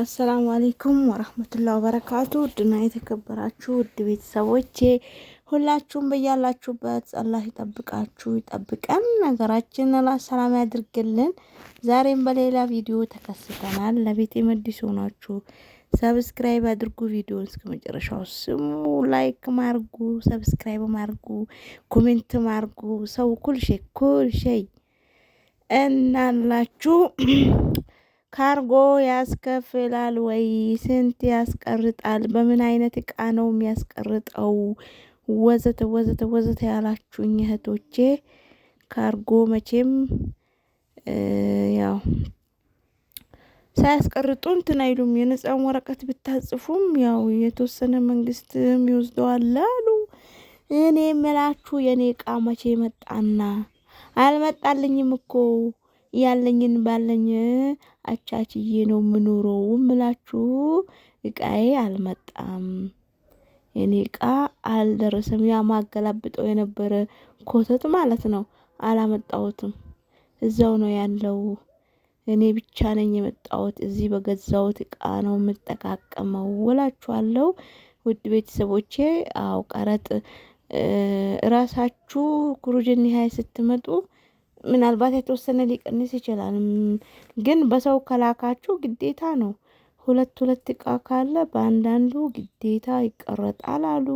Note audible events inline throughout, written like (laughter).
አሰላሙ አሌይኩም ወረህመቱላ ወበረካቱ። ውድና የተከበራችሁ ውድ ቤተሰቦቼ ሁላችሁም በያላችሁበት አላህ ይጠብቃችሁ ይጠብቀን፣ ነገራችን አላህ ሰላም ያድርግልን። ዛሬም በሌላ ቪዲዮ ተከስተናል። ለቤቴ መዲስ ሆናችሁ ሰብስክራይብ አድርጉ። ቪዲዮን እስከ መጨረሻው ስሙ። ላይክ ማርጉ፣ ሰብስክራይብ ማርጉ፣ ኮሜንት ማርጉ። ሰው ኩልሼ ኩልሼ እናላችሁ ካርጎ ያስከፍላል ወይ? ስንት ያስቀርጣል? በምን አይነት እቃ ነው የሚያስቀርጠው? ወዘተ ወዘተ ወዘተ ያላችሁኝ እህቶቼ ካርጎ መቼም ያው ሳያስቀርጡ እንትን አይሉም። ወረቀት ብታጽፉም ያው የተወሰነ መንግስት የሚወስደው አሉ። እኔ የምላችሁ የእኔ እቃ መቼ መጣና? አልመጣልኝም እኮ ያለኝን ባለኝ አቻችዬ ነው ምኖረው ምላችሁ እቃዬ አልመጣም። የኔ እቃ አልደረሰም። ያ ማገላብጠው የነበረ ኮተት ማለት ነው። አላመጣሁትም። እዛው ነው ያለው። እኔ ብቻ ነኝ የመጣሁት። እዚህ በገዛሁት እቃ ነው የምጠቃቀመው እላችኋለሁ። ውድ ቤተሰቦቼ አው ቀረጥ ራሳችሁ ኩሩጅን ያህል ስትመጡ ምናልባት የተወሰነ ሊቀንስ ይችላል፣ ግን በሰው ከላካችሁ ግዴታ ነው። ሁለት ሁለት እቃ ካለ በአንዳንዱ ግዴታ ይቀረጣል አሉ።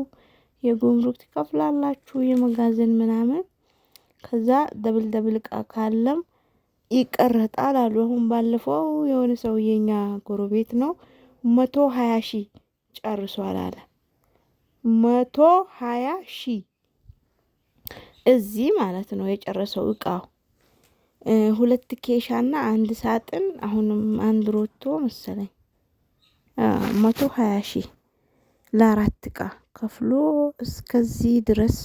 የጉምሩክ ትከፍላላችሁ፣ የመጋዘን ምናምን። ከዛ ደብል ደብል እቃ ካለም ይቀረጣል አሉ። አሁን ባለፈው የሆነ ሰው የኛ ጎረቤት ነው መቶ ሀያ ሺ ጨርሷል አለ። መቶ ሀያ ሺ እዚህ ማለት ነው የጨረሰው እቃው ሁለት ኬሻ ኬሻና አንድ ሳጥን አሁንም አንድ ሮቶ መሰለኝ መቶ ሀያ ሺህ ለአራት እቃ ከፍሎ እስከዚህ ድረስ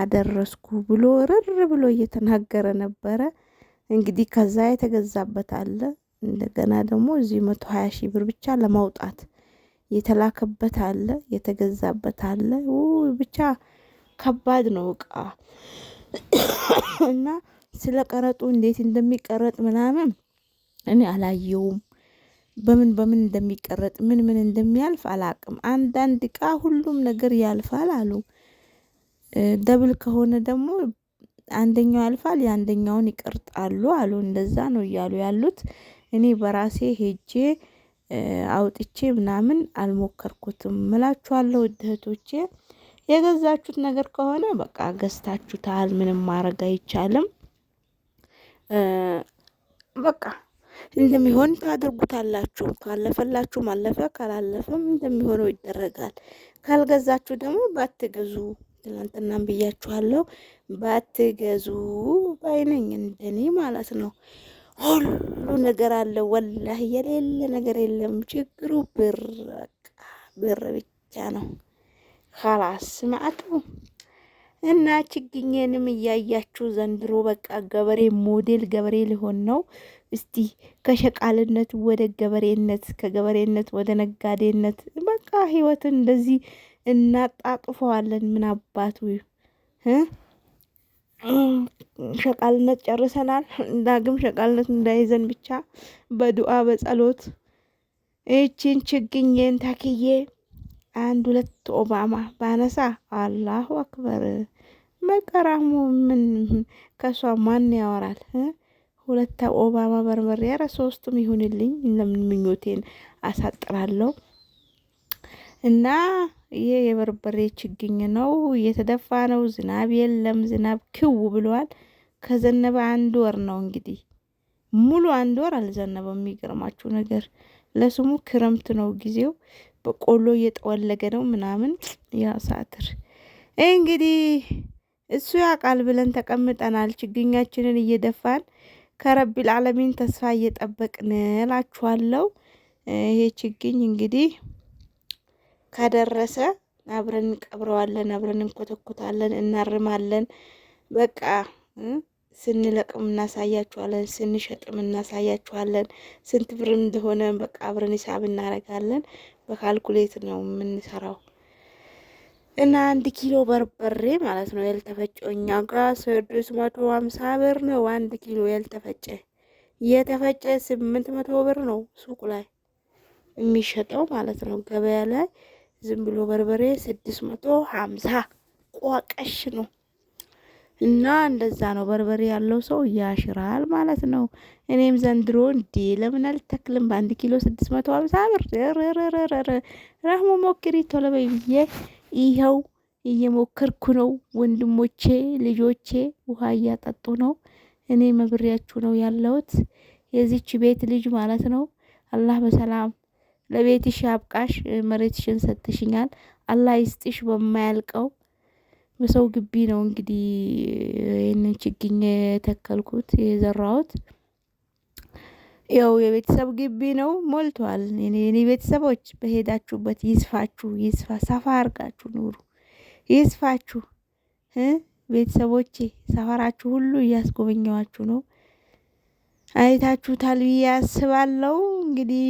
አደረስኩ ብሎ ርር ብሎ እየተናገረ ነበረ። እንግዲህ ከዛ የተገዛበት አለ። እንደገና ደግሞ እዚህ መቶ ሀያ ሺህ ብር ብቻ ለማውጣት የተላከበት አለ፣ የተገዛበት አለ። ብቻ ከባድ ነው እቃ እና ስለ ቀረጡ እንዴት እንደሚቀረጥ ምናምን እኔ አላየውም። በምን በምን እንደሚቀረጥ ምን ምን እንደሚያልፍ አላቅም። አንዳንድ እቃ ሁሉም ነገር ያልፋል አሉ። ደብል ከሆነ ደግሞ አንደኛው ያልፋል የአንደኛውን ይቀርጣሉ አሉ። እንደዛ ነው እያሉ ያሉት። እኔ በራሴ ሄጄ አውጥቼ ምናምን አልሞከርኩትም ምላችኋለሁ ውድ እህቶቼ። የገዛችሁት ነገር ከሆነ በቃ ገዝታችሁታል፣ ምንም ማድረግ አይቻልም። በቃ እንደሚሆን ታደርጉታላችሁ። ካለፈላችሁ ማለፈ፣ ካላለፈም እንደሚሆነው ይደረጋል። ካልገዛችሁ ደግሞ ባትገዙ፣ ትናንትናም ብያችኋለሁ፣ ባትገዙ ባይነኝ እንደኔ ማለት ነው። ሁሉ ነገር አለ ወላህ፣ የሌለ ነገር የለም። ችግሩ ብር ብር ብቻ ነው። ካላስ ማዕቱ እና ችግኝንም እያያችሁ ዘንድሮ በቃ ገበሬ ሞዴል ገበሬ ሊሆን ነው። እስቲ ከሸቃልነት ወደ ገበሬነት፣ ከገበሬነት ወደ ነጋዴነት በቃ ህይወትን እንደዚህ እናጣጥፈዋለን። ምን አባቱ ሸቃልነት ጨርሰናል። ዳግም ሸቃልነት እንዳይዘን ብቻ በዱአ በጸሎት ይህችን ችግኝን ታክዬ አንድ ሁለት ኦባማ ባነሳ አላሁ አክበር መቀራሙ ምን ከሷ ማን ያወራል? ሁለት ኦባማ በርበሬ ኧረ ሶስቱም ይሁንልኝ ለምን ምኞቴን አሳጥራለሁ። እና ይሄ የበርበሬ ችግኝ ነው፣ እየተደፋ ነው። ዝናብ የለም፣ ዝናብ ክው ብሏል። ከዘነበ አንድ ወር ነው እንግዲህ ሙሉ አንድ ወር አልዘነበም። የሚገርማችሁ ነገር ለስሙ ክረምት ነው ጊዜው በቆሎ እየጠወለገ ነው ምናምን። ያ ሳትር እንግዲህ እሱ ያውቃል ብለን ተቀምጠናል። ችግኛችንን እየደፋን ከረቢል ዓለሚን ተስፋ እየጠበቅን እላችኋለሁ። ይሄ ችግኝ እንግዲህ ከደረሰ አብረን እንቀብረዋለን፣ አብረን እንኮተኮታለን፣ እናርማለን። በቃ ስንለቅም እናሳያችኋለን፣ ስንሸጥም እናሳያችኋለን። ስንት ብርም እንደሆነ በቃ አብረን ሂሳብ እናረጋለን። በካልኩሌት ነው የምንሰራው። እና አንድ ኪሎ በርበሬ ማለት ነው ያልተፈጨው እኛ ጋር ስድስት መቶ ሀምሳ ብር ነው አንድ ኪሎ ያልተፈጨ። የተፈጨ ስምንት መቶ ብር ነው ሱቁ ላይ የሚሸጠው ማለት ነው። ገበያ ላይ ዝም ብሎ በርበሬ ስድስት መቶ ሀምሳ ቋቀሽ ነው። እና እንደዛ ነው በርበሬ ያለው ሰው ያሽራል ማለት ነው። እኔም ዘንድሮ እንዴ ለምን አልተክልም በአንድ ኪሎ ስድስት መቶ ሀምሳ ብር ረህሙ ሞክሪ ቶሎ ይኸው እየሞከርኩ ነው። ወንድሞቼ ልጆቼ ውሃ እያጠጡ ነው። እኔ መብሬያችሁ ነው ያለሁት የዚች ቤት ልጅ ማለት ነው። አላህ በሰላም ለቤትሽ አብቃሽ። መሬትሽን ሰጥሽኛል። አላህ ይስጥሽ በማያልቀው በሰው ግቢ ነው እንግዲህ ይህንን ችግኝ የተከልኩት የዘራሁት። ያው የቤተሰብ ግቢ ነው ሞልቷል። የኔ ቤተሰቦች በሄዳችሁበት ይስፋችሁ፣ ይስፋ፣ ሰፋ አርጋችሁ ኑሩ፣ ይስፋችሁ። ቤተሰቦቼ ሰፈራችሁ ሁሉ እያስጎበኘዋችሁ ነው፣ አይታችሁታል ብዬ አስባለሁ። እንግዲህ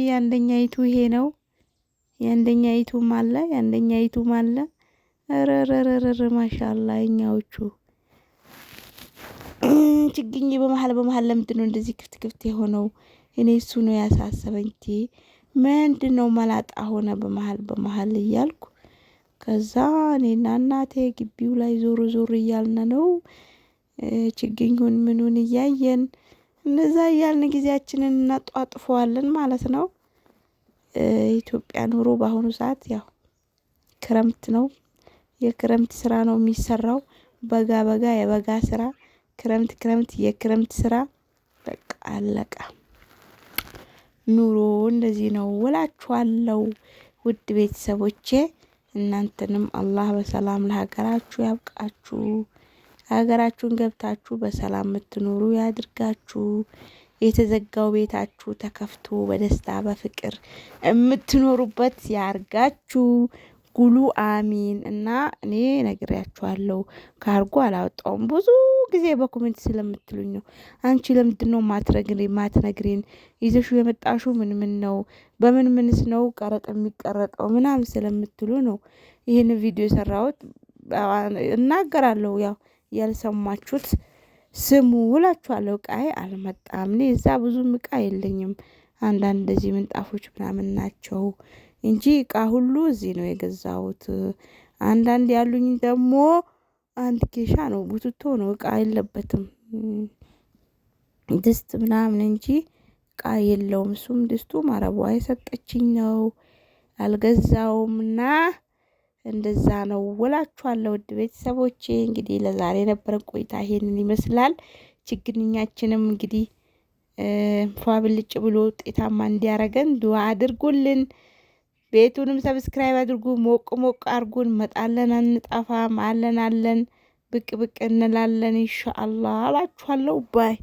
ይቱ ይሄ ነው። ይቱም አለ፣ ይቱም አለ። ረረረረረ ማሻላ እኛዎቹ (clears throat) ችግኝ በመሀል በመሀል ለምንድን ነው እንደዚህ ክፍት ክፍት የሆነው? እኔ እሱ ነው ያሳሰበኝ። ቲ ምንድን ነው መላጣ ሆነ በመሀል በመሀል እያልኩ ከዛ እኔና እናቴ ግቢው ላይ ዞር ዞር እያልን ነው ችግኙን ምኑን እያየን እነዛ እያልን ጊዜያችንን እናጧጥፈዋለን ማለት ነው። ኢትዮጵያ ኑሮ በአሁኑ ሰዓት ያው ክረምት ነው። የክረምት ስራ ነው የሚሰራው። በጋ በጋ የበጋ ስራ ክረምት ክረምት የክረምት ስራ በቃ አለቀ። ኑሮ እንደዚህ ነው እላችኋለሁ። ውድ ቤተሰቦቼ እናንተንም አላህ በሰላም ለሀገራችሁ ያብቃችሁ። ሀገራችሁን ገብታችሁ በሰላም የምትኖሩ ያድርጋችሁ። የተዘጋው ቤታችሁ ተከፍቶ በደስታ በፍቅር የምትኖሩበት ያርጋችሁ። ጉሉ አሚን እና እኔ ነግሬያችኋለሁ። ካርጎ አላወጣውም ብዙ ጊዜ በኮሜንት ስለምትሉኝ ነው። አንቺ ለምንድን ነው ማትነግሪን ማትነግሪን ይዘሹ የመጣሹ ምን ምን ነው በምን ምንስ ነው ቀረጥ የሚቀረጠው ምናምን ስለምትሉ ነው ይህን ቪዲዮ የሰራሁት። እናገራለሁ ያው ያልሰማችሁት ስሙ ውላችኋለሁ። ቃይ አልመጣም። እኔ እዛ ብዙም እቃ የለኝም። አንዳንድ እንደዚህ ምንጣፎች ምናምን ናቸው። እንጂ እቃ ሁሉ እዚህ ነው የገዛሁት። አንዳንድ ያሉኝ ደግሞ አንድ ኬሻ ነው ቡትቶ ነው እቃ የለበትም። ድስት ምናምን እንጂ እቃ የለውም እሱም ድስቱ ማረቧ የሰጠችኝ ነው። አልገዛውም እና እንደዛ ነው እላችኋለሁ። ውድ ቤተሰቦቼ እንግዲህ ለዛሬ የነበረን ቆይታ ይሄንን ይመስላል። ችግንኛችንም እንግዲህ ፏ ብልጭ ብሎ ውጤታማ እንዲያደርገን ዱዋ አድርጉልን። ቤቱንም ሰብስክራይብ አድርጉ። ሞቅ ሞቅ አርጉን። መጣለን አንጠፋም፣ አለን አለን፣ ብቅ ብቅ እንላለን። ኢንሻአላህ አላችኋለሁ ባይ